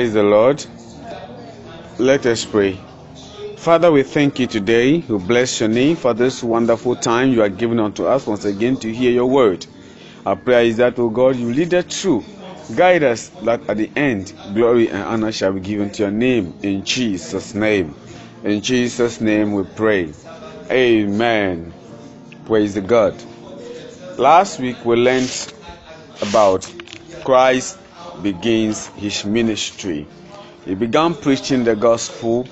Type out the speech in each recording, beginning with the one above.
Praise the Lord. Let us pray. Father, we thank you today. We bless your name for this wonderful time you are giving unto us once again to hear your word. Our prayer is that, O oh God, you lead us through. Guide us that at the end, glory and honor shall be given to your name. In Jesus' name. In Jesus' name we pray. Amen. Praise the God. Last week we learned about Christ begins his ministry. He began preaching the gospel,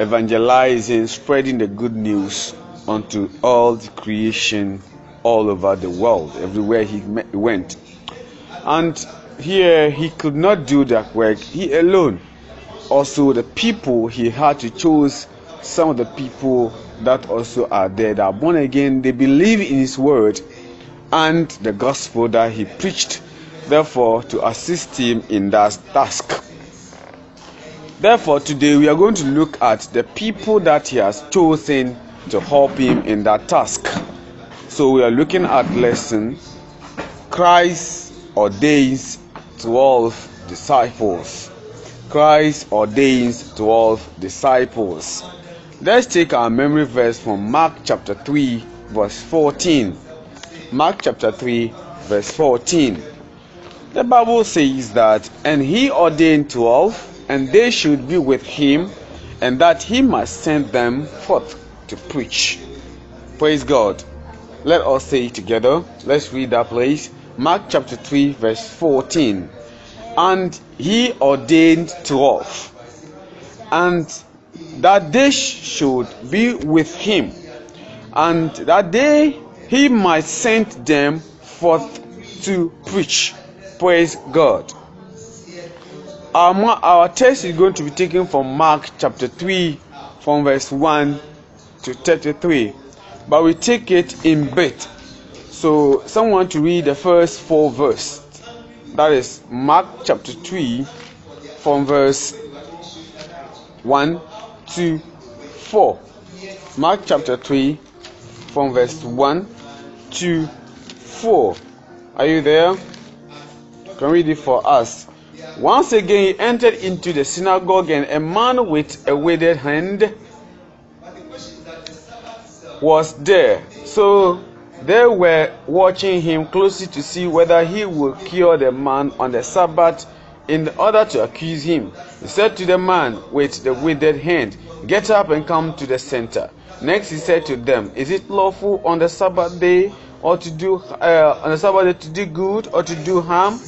evangelizing, spreading the good news unto all the creation all over the world, everywhere he went. And here he could not do that work he alone. Also, the people he had to choose some of the people that also are there that are born again, they believe in his word and the gospel that he preached therefore to assist him in that task. Therefore, today we are going to look at the people that he has chosen to help him in that task. So we are looking at lesson Christ ordains 12 disciples. Christ ordains 12 disciples. Let's take our memory verse from Mark chapter 3, verse 14. Mark chapter 3, verse 14. The Bible says that, and he ordained twelve, and they should be with him, and that he must send them forth to preach. Praise God. Let us say it together. Let's read that place. Mark chapter 3, verse 14. And he ordained twelve, and that they should be with him, and that they he might send them forth to preach praise God. Our, our text is going to be taken from Mark chapter 3, from verse 1 to 33. But we take it in bit. So, someone to read the first four verses. That is Mark chapter 3, from verse 1 to 4. Mark chapter 3, from verse 1 to 4. Are you there? Can read it for us. Once again, he entered into the synagogue, and a man with a withered hand was there. So they were watching him closely to see whether he would cure the man on the Sabbath in order to accuse him. He said to the man with the withered hand, Get up and come to the center. Next, he said to them, Is it lawful on the Sabbath day or to do uh, on the Sabbath day to do good or to do harm?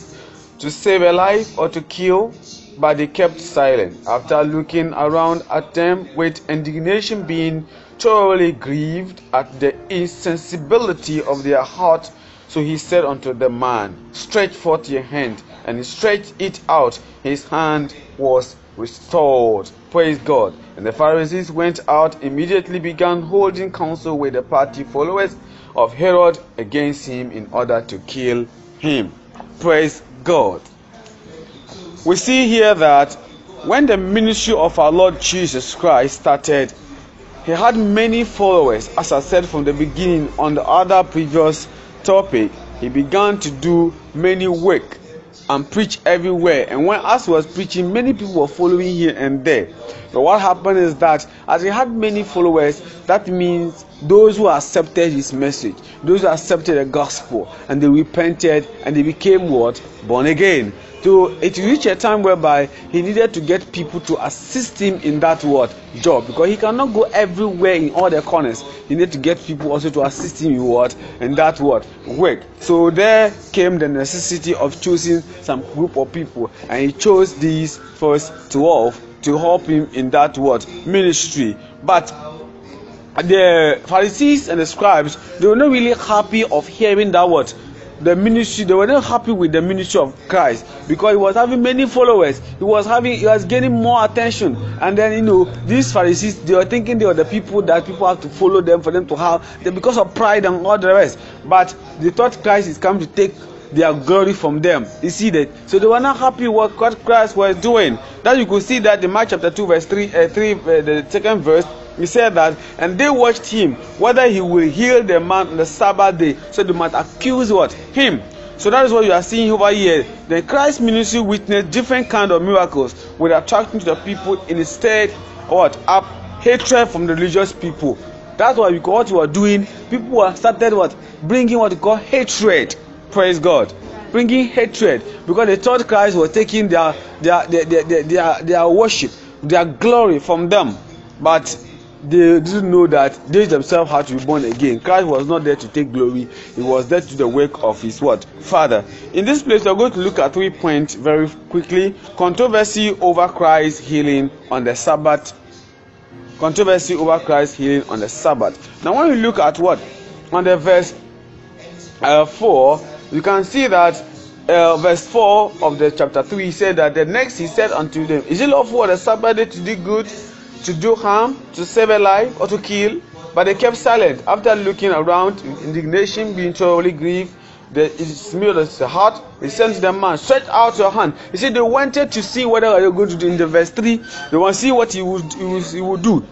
to save a life or to kill, but they kept silent. After looking around at them with indignation, being thoroughly grieved at the insensibility of their heart, so he said unto the man, Stretch forth your hand. And he stretched it out. His hand was restored. Praise God. And the Pharisees went out, immediately began holding counsel with the party followers of Herod against him in order to kill him. Praise God. We see here that when the ministry of our Lord Jesus Christ started, he had many followers, as I said from the beginning on the other previous topic. He began to do many work and preach everywhere. And when as he was preaching, many people were following here and there. But what happened is that as he had many followers, that means those who accepted his message, those who accepted the gospel, and they repented and they became what? Born again. to it reached a time whereby he needed to get people to assist him in that what job because he cannot go everywhere in all the corners he need to get people also to assist him in what in that what work so there came the necessity of choosing some group of people and he chose these first twelve to help him in that what ministry but the pharisees and the scribes they were not really happy of hearing that what the ministry they were not happy with the ministry of christ because he was having many followers he was having he was gaining more attention and then you know these pharisees they were thinking they were the people that people have to follow them for them to have they, because of pride and all the rest but they thought christ is come to take their glory from them you see that so they were not happy what, what christ was doing that you could see that in mark chapter two verse three, uh, 3 uh, the second verse He said that, and they watched him whether he will heal the man on the Sabbath day, so they might accuse what him. So that is what you are seeing over here. Then Christ ministry witnessed different kind of miracles, with attracting to the people instead what up hatred from the religious people. That's why we what you are doing. People are started what bringing what you call hatred. Praise God bringing hatred because they thought Christ was taking their, their their their their, their, worship, their glory from them. But they didn't know that they themselves had to be born again. Christ was not there to take glory, he was there to do the work of his what? Father. In this place, we're going to look at three points very quickly. Controversy over Christ's healing on the Sabbath. Controversy over Christ's healing on the Sabbath. Now, when you look at what? On the verse uh, 4, you can see that uh, verse 4 of the chapter 3 he said that the next he said unto them, Is it lawful on the Sabbath day to do good to do harm, to save a life, or to kill, but they kept silent after looking around with indignation, being thoroughly grieved. The, smeared the heart. He sent the man, Stretch out your hand. He said, They wanted to see whether you're going to do in the verse 3. They want to see what he would, he would, he would do.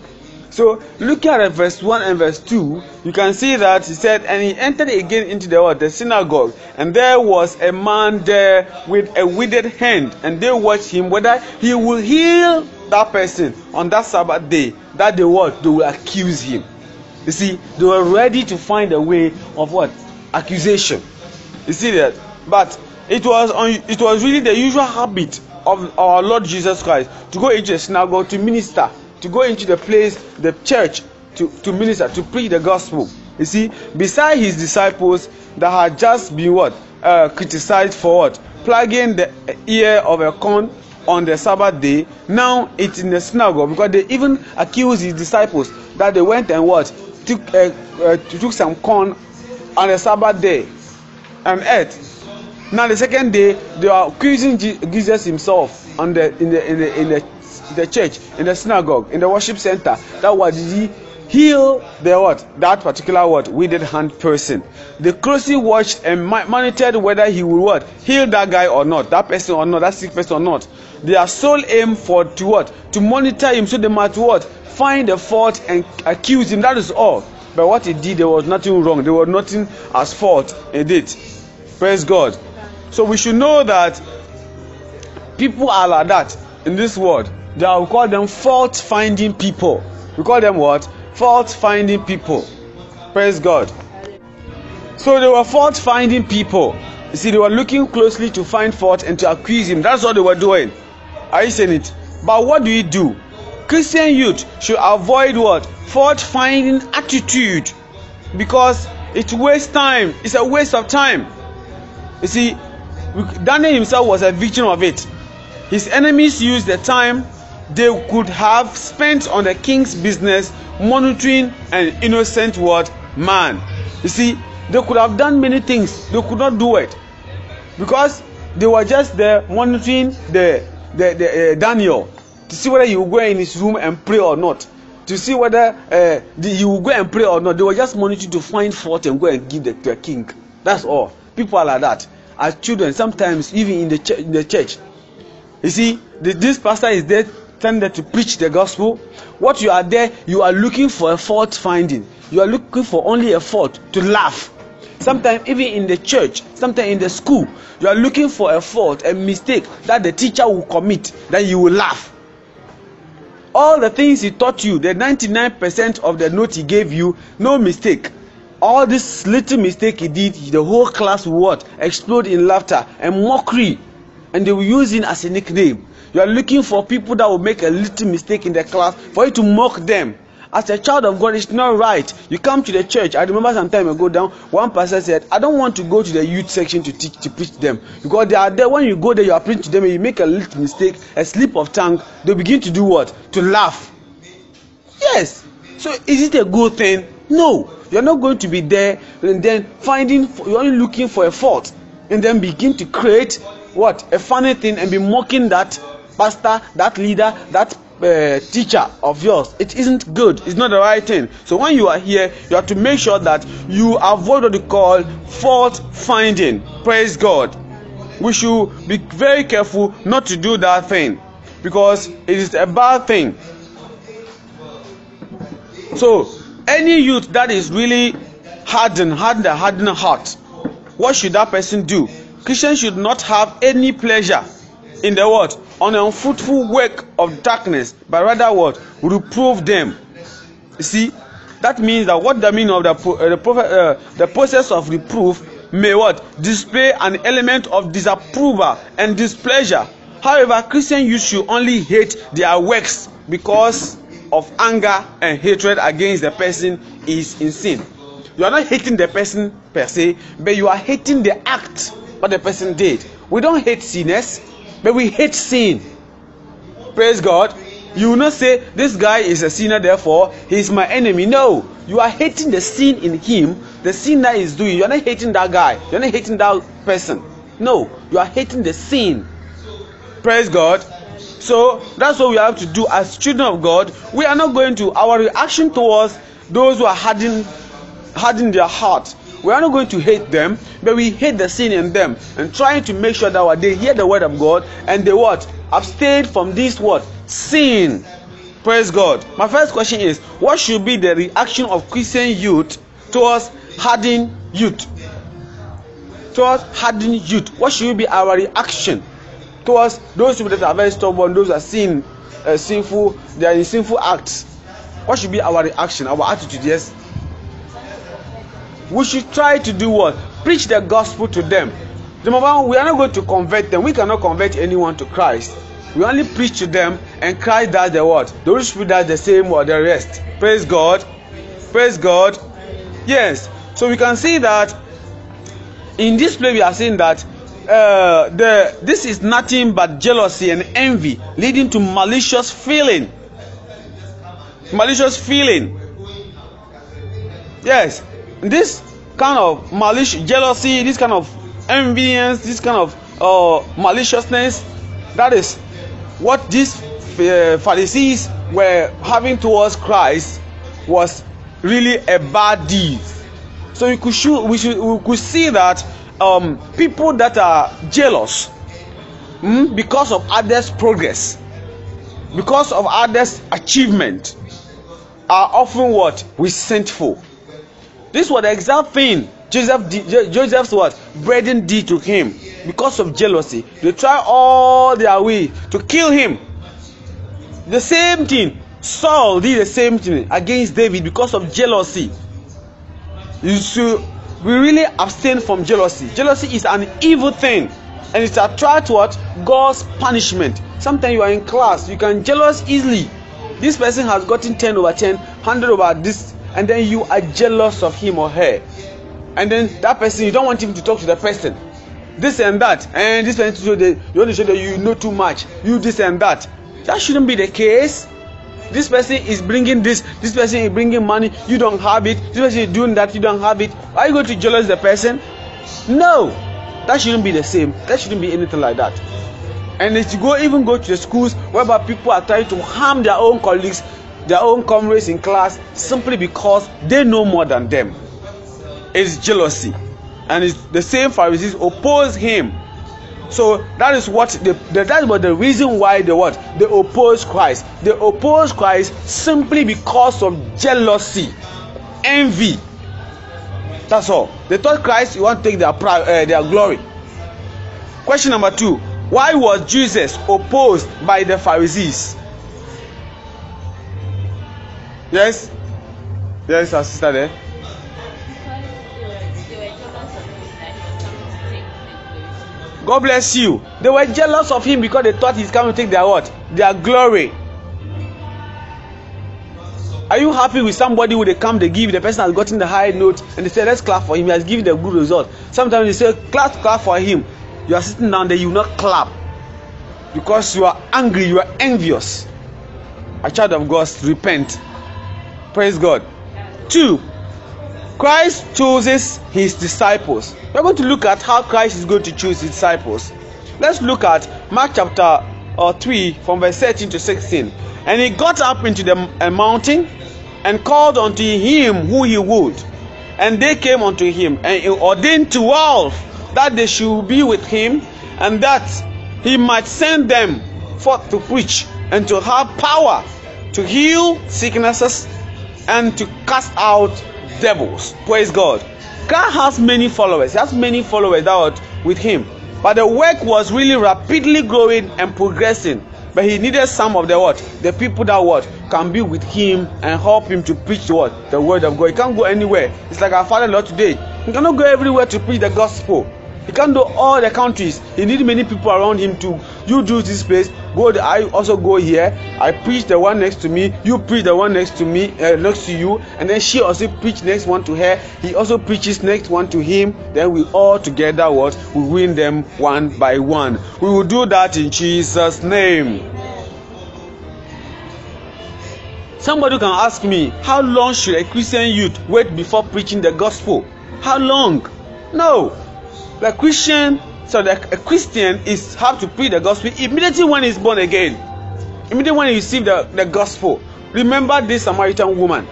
So look at verse 1 and verse 2, you can see that he said, And he entered again into the what? The synagogue. And there was a man there with a withered hand, and they watched him whether he will heal that person on that Sabbath day. That they what? They will accuse him. You see, they were ready to find a way of what? Accusation. You see that? But it was on, it was really the usual habit of our Lord Jesus Christ to go into a synagogue to minister to go into the place, the church, to, to minister, to preach the gospel. You see, beside his disciples that had just been what? Uh, criticized for what? Plugging the ear of a corn on the Sabbath day. Now it's in the synagogue because they even accused his disciples that they went and what? Took, uh, uh, took some corn on the Sabbath day and ate. Now the second day they are accusing Jesus himself on the in the in the, in the in the church, in the synagogue, in the worship center. That was the heal the what that particular what withered hand person they closely watched and monitored whether he would what heal that guy or not that person or not that sick person or not their sole aim for to what to monitor him so they might what find the fault and accuse him that is all but what he did there was nothing wrong there was nothing as fault in it praise god so we should know that people are like that in this world that we call them fault finding people we call them what fault finding people praise god so they were fault finding people you see they were looking closely to find fault and to accuse him that's what they were doing are you saying it but what do you do christian youth should avoid what fault finding attitude because it wastes time it's a waste of time you see daniel himself was a victim of it his enemies used the time they could have spent on the king's business monitoring an innocent word man you see they could have done many things they could not do it because they were just there monitoring the the, the uh, daniel to see whether he will go in his room and pray or not to see whether uh, he will go and pray or not they were just monitoring to find fault and go and give the, the king that's all people are like that as children sometimes even in the, ch- in the church you see the, this pastor is there Tended to preach the gospel. What you are there, you are looking for a fault finding. You are looking for only a fault to laugh. Sometimes, even in the church, sometimes in the school, you are looking for a fault, a mistake that the teacher will commit, then you will laugh. All the things he taught you, the 99% of the note he gave you, no mistake. All this little mistake he did, the whole class would Explode in laughter and mockery. And they were using as a nickname. You are looking for people that will make a little mistake in the class for you to mock them. As a child of God, it's not right. You come to the church. I remember some time ago down, one pastor said, I don't want to go to the youth section to teach to preach them. Because they are there. When you go there, you are preaching to them, and you make a little mistake, a slip of tongue, they begin to do what? To laugh. Yes. So is it a good thing? No. You're not going to be there and then finding you're only looking for a fault and then begin to create what? A funny thing and be mocking that pastor, that leader, that uh, teacher of yours. It isn't good. It's not the right thing. So when you are here, you have to make sure that you avoid what we call fault finding. Praise God. We should be very careful not to do that thing because it is a bad thing. So any youth that is really hardened, hardened, hardened heart, what should that person do? Christians should not have any pleasure in the world on the unfruitful work of darkness, but rather what? Reprove them. see, that means that what the meaning of the, uh, the, prophet, uh, the process of reproof may what? Display an element of disapproval and displeasure. However, Christian youth should only hate their works because of anger and hatred against the person is in sin. You are not hating the person per se, but you are hating the act what the person did. We don't hate sinners But we hate sin. Praise God. You will not say, This guy is a sinner, therefore he is my enemy. No. You are hating the sin in him, the sin that doing. You are not hating that guy. You're not hating that person. No. You are hating the sin. Praise God. So that's what we have to do as children of God. We are not going to, our reaction towards those who are hardening, hardening their heart We are not going to hate them, but we hate the sin in them and trying to make sure that they hear the word of God and they what? Abstain from this what? Sin. Praise God. My first question is what should be the reaction of Christian youth towards hardened youth? Towards hardened youth. What should be our reaction towards those people that are very stubborn, those that sin, uh, sinful, they are in sinful acts? What should be our reaction, our attitude? Yes. we should try to do what? Preach the gospel to them. Number one, we are not going to convert them. We cannot convert anyone to Christ. We only preach to them, and Christ does the what? The Holy Spirit does the same or the rest. Praise God. Praise God. Yes. So we can see that in this play we are seeing that uh, the this is nothing but jealousy and envy leading to malicious feeling malicious feeling yes this kind of malice jealousy this kind of envyings this kind of uh, maliciousness that is what these uh, pharisees were having towards christ was really a bad deed so you could show, we, should, we could see that um, people that are jealous mm, because of others progress because of others achievement are often what resentful this was the exact thing Joseph did, Joseph's what brethren did to him because of jealousy. They tried all their way to kill him. The same thing. Saul did the same thing against David because of jealousy. You see we really abstain from jealousy. Jealousy is an evil thing and it's a attracts what God's punishment. Sometimes you are in class, you can jealous easily. This person has gotten 10 over 10, 100 over this and then you are jealous of him or her and then that person you don't want him to talk to the person this and that and this person show that you want to show that you know too much you this and that that shouldn't be the case this person is bringing this this person is bringing money you don't have it this person is doing that you don't have it are you going to jealous the person no that shouldn't be the same that shouldn't be anything like that and if you go even go to the schools whereby people are trying to harm their own colleagues their own comrades in class simply because they know more than them. It's jealousy. And it's the same Pharisees oppose him. So that is what the, that is that was the reason why they what they oppose Christ. They oppose Christ simply because of jealousy, envy. That's all. They thought Christ want to take their pride, uh, their glory. Question number two: Why was Jesus opposed by the Pharisees? Yes? Yes, our sister there. God bless you. They were jealous of him because they thought he's coming to take their what? Their glory. Are you happy with somebody when they come, they give, the person has gotten the high note, and they say, let's clap for him. He has given the good result. Sometimes they say, clap, clap for him. You are sitting down there, you not clap. Because you are angry, you are envious. A child of God, repent. Praise God. Two, Christ chooses his disciples. We're going to look at how Christ is going to choose his disciples. Let's look at Mark chapter uh, 3 from verse 13 to 16. And he got up into the a mountain and called unto him who he would. And they came unto him, and he ordained twelve that they should be with him, and that he might send them forth to preach and to have power to heal sicknesses and to cast out devils. Praise God. God has many followers. He has many followers out with him. But the work was really rapidly growing and progressing. But he needed some of the what? The people that what can be with him and help him to preach what? The word of God. He can't go anywhere. It's like our father Lord today. He cannot go everywhere to preach the gospel. He can't do all the countries. He need many people around him to you do this place, Go, I also go here. I preach the one next to me. You preach the one next to me, uh, next to you, and then she also preach next one to her. He also preaches next one to him. Then we all together what we win them one by one. We will do that in Jesus' name. Somebody can ask me, how long should a Christian youth wait before preaching the gospel? How long? No. The Christian so the, a Christian is have to preach the gospel immediately when he's born again, immediately when he receives the, the gospel. Remember this Samaritan woman.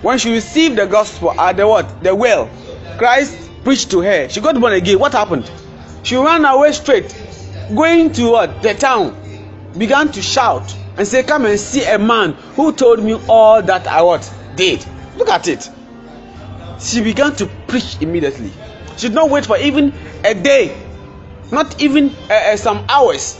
When she received the gospel at the what? The well. Christ preached to her. She got born again. What happened? She ran away straight, going to what? The town. Began to shout and say, Come and see a man who told me all that I what did. Look at it. She began to preach immediately. She did not wait for even a day not even uh, uh, some hours,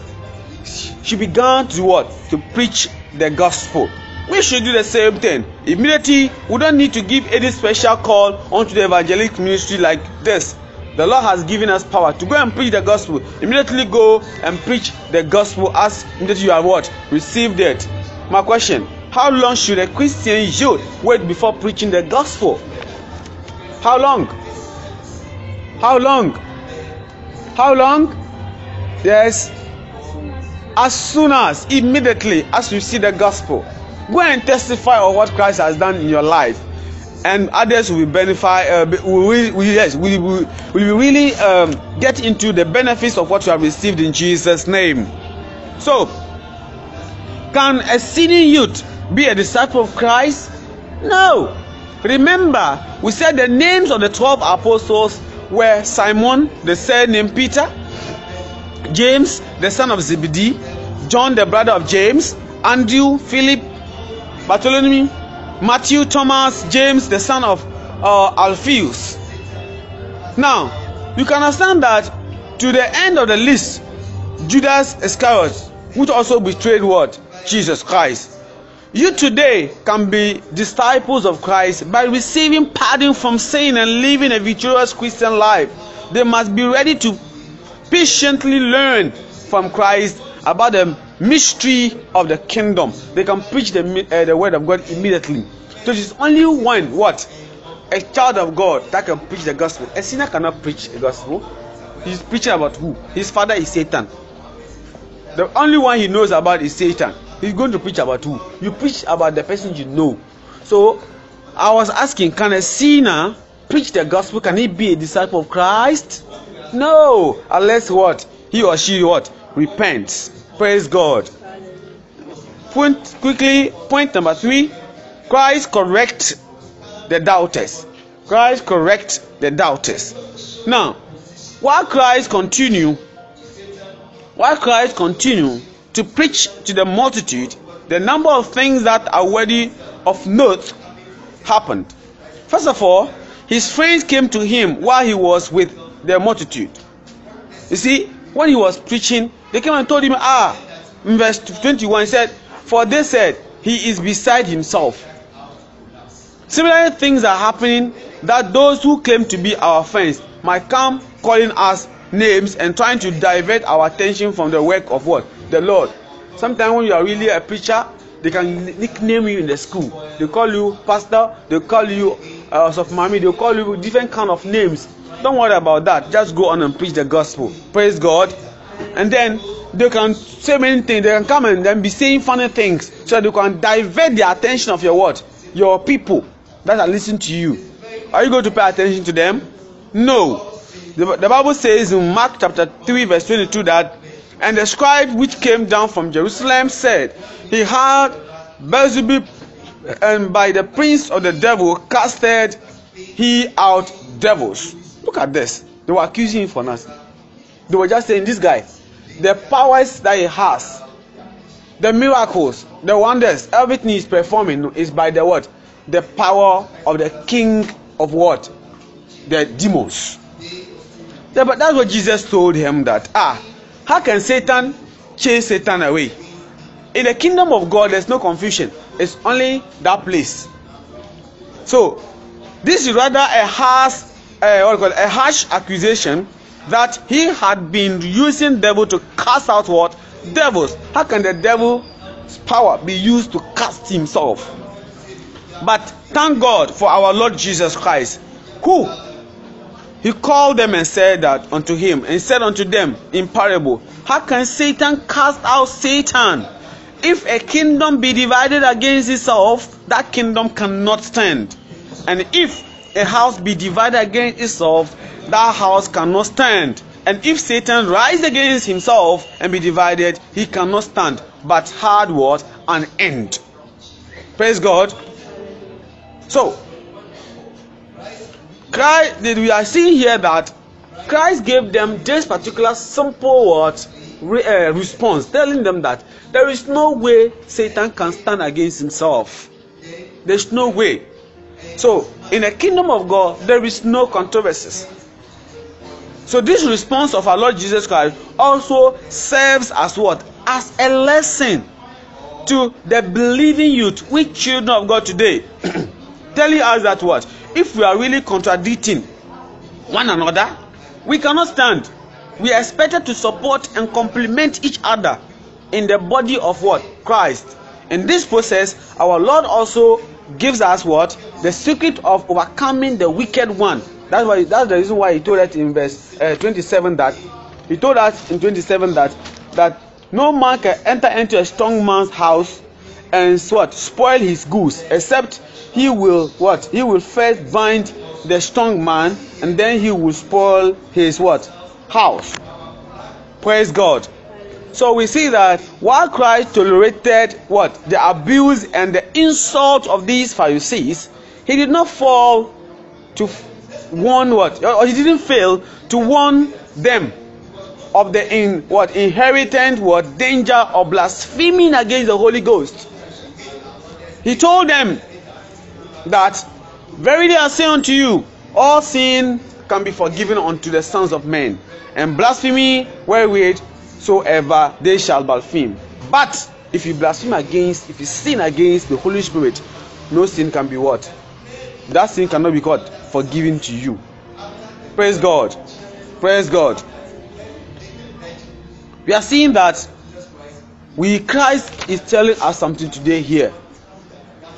she began to what? To preach the gospel. We should do the same thing. Immediately, we don't need to give any special call onto the evangelic ministry like this. The Lord has given us power to go and preach the gospel. Immediately go and preach the gospel as immediately you have what? Received it. My question How long should a Christian youth wait before preaching the gospel? How long? How long? How long? Yes. As soon as, immediately, as you see the gospel, go and testify of what Christ has done in your life, and others will benefit. Uh, yes, we will, really um, get into the benefits of what you have received in Jesus' name. So, can a sinning youth be a disciple of Christ? No. Remember, we said the names of the 12 apostles were Simon, the surname Peter, James, the son of Zebedee, John, the brother of James, Andrew, Philip, Bartholomew, Matthew, Thomas, James, the son of uh, Alphaeus. Now, you can understand that to the end of the list, Judas Iscariot, which also betrayed what? Jesus Christ. You today can be disciples of Christ by receiving pardon from sin and living a victorious Christian life. They must be ready to patiently learn from Christ about the mystery of the kingdom. They can preach the, uh, the word of God immediately. So it is only one what a child of God that can preach the gospel. A sinner cannot preach the gospel. He's preaching about who? His father is Satan. The only one he knows about is Satan. He's going to preach about who? You preach about the person you know. So I was asking, can a sinner preach the gospel? Can he be a disciple of Christ? No, unless what? He or she what? Repents. Praise God. Point quickly, point number three. Christ correct the doubters. Christ correct the doubters. Now, why Christ continue, Why Christ continue to preach to the multitude, the number of things that are worthy of note happened. First of all, his friends came to him while he was with the multitude. You see, when he was preaching, they came and told him, Ah, in verse 21, he said, For they said, He is beside himself. Similar things are happening that those who claim to be our friends might come calling us names and trying to divert our attention from the work of what? the Lord. Sometimes when you are really a preacher, they can nickname you in the school. They call you pastor, they call you uh, of mommy, they call you different kind of names. Don't worry about that. Just go on and preach the gospel. Praise God. And then they can say many things. They can come and then be saying funny things so that you can divert the attention of your what? Your people that are listening to you. Are you going to pay attention to them? No. The, the Bible says in Mark chapter 3, verse 22 that And the scribe which came down from Jerusalem said, He had Beelzebub, and by the prince of the devil casted he out devils. Look at this. They were accusing him for nothing. They were just saying, This guy, the powers that he has, the miracles, the wonders, everything he's performing is by the what? The power of the king of what? The demons. Yeah, but that's what Jesus told him that ah How can Satan chase Satan away? In the kingdom of God, there's no confusion. It's only that place. So, this is rather a harsh, uh, what call it, a harsh accusation that he had been using devil to cast out what devils. How can the devil's power be used to cast himself? But thank God for our Lord Jesus Christ, who he called them and said that unto him and said unto them in parable how can satan cast out satan if a kingdom be divided against itself that kingdom cannot stand and if a house be divided against itself that house cannot stand and if satan rise against himself and be divided he cannot stand but hard was an end praise god so Christ we are seeing here that Christ gave them this particular simple word re, uh, response, telling them that there is no way Satan can stand against himself. There's no way. So, in the kingdom of God, there is no controversies. So, this response of our Lord Jesus Christ also serves as what? As a lesson to the believing youth, we children of God today, telling us that what? if we are really contradicting one another we cannot stand we are expected to support and complement each other in the body of what christ in this process our lord also gives us what the secret of overcoming the wicked one that's why that's the reason why he told us in verse uh, 27 that he told us in 27 that that no man can enter into a strong man's house and what spoil his goods except he will what he will first bind the strong man and then he will spoil his what house praise god so we see that while christ tolerated what the abuse and the insult of these pharisees he did not fall to warn what or he didn't fail to warn them of the in what inheritance what danger of blaspheming against the holy ghost he told them that, Verily I say unto you, all sin can be forgiven unto the sons of men, and blasphemy wherewith soever they shall blaspheme. But if you blaspheme against, if you sin against the Holy Spirit, no sin can be what? That sin cannot be called Forgiven to you. Praise God. Praise God. We are seeing that we Christ is telling us something today here.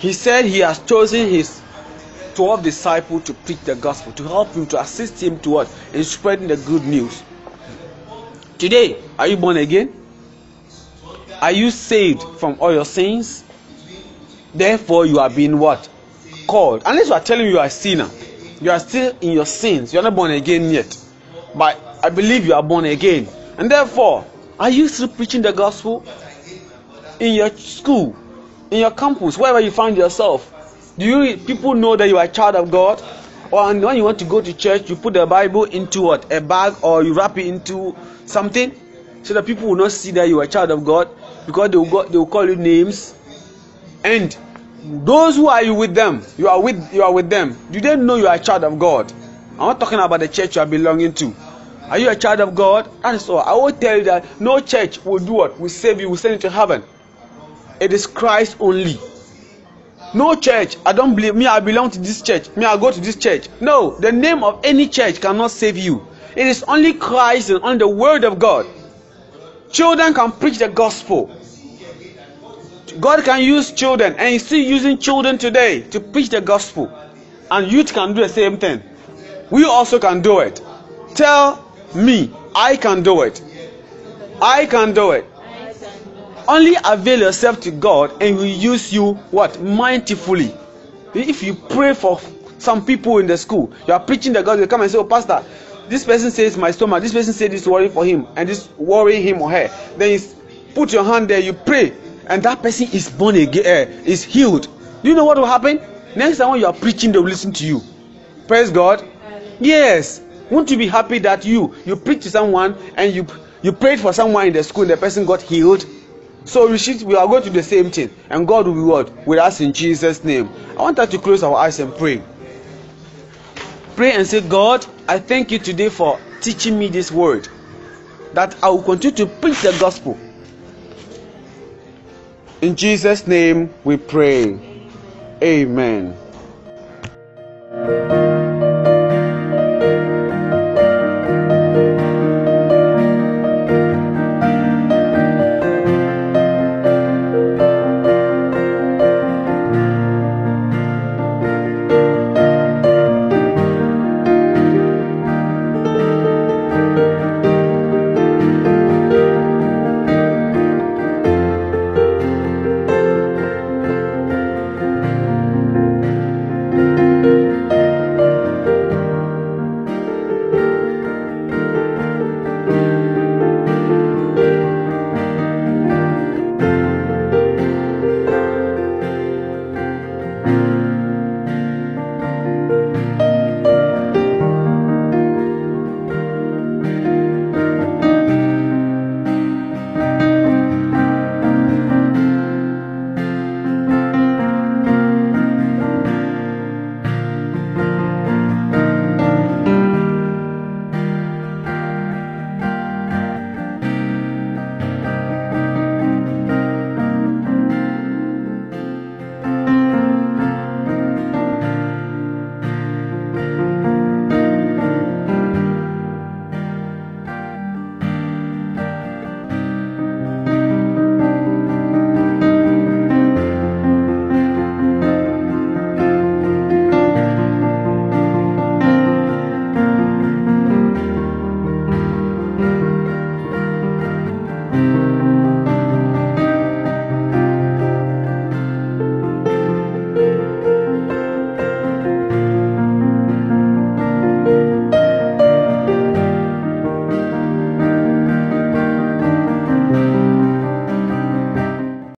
He said he has chosen his twelve disciples to preach the gospel, to help him, to assist him towards in spreading the good news. Today, are you born again? Are you saved from all your sins? Therefore, you are being what? Called. Unless you are telling me you are a sinner. You are still in your sins. You are not born again yet. But I believe you are born again. And therefore, are you still preaching the gospel? In your school, in your campus, wherever you find yourself, do you people know that you are a child of God? Or when you want to go to church, you put the Bible into what a bag or you wrap it into something, so that people will not see that you are a child of God because they will, go, they will call you names. And those who are you with them, you are with you are with them. Do they know you are a child of God? I'm not talking about the church you are belonging to. Are you a child of God? And so I will tell you that no church will do what will save you, will send you to heaven it is christ only no church i don't believe me i belong to this church me i go to this church no the name of any church cannot save you it is only christ and only the word of god children can preach the gospel god can use children and he's still using children today to preach the gospel and youth can do the same thing we also can do it tell me i can do it i can do it only avail yourself to God and He will use you what? Mindfully. If you pray for some people in the school, you are preaching the gospel, they come and say, Oh, Pastor, this person says my stomach, this person says this worry for him, and this worry him or her. Then you put your hand there, you pray, and that person is born again, eh, is healed. Do you know what will happen? Next time when you are preaching, they will listen to you. Praise God. Yes. Won't you be happy that you you preach to someone and you you prayed for someone in the school and the person got healed? So we shift, we are going to the same thing, and God will reward with us in Jesus' name. I want us to close our eyes and pray. Pray and say, God, I thank you today for teaching me this word, that I will continue to preach the gospel. In Jesus' name we pray. Amen.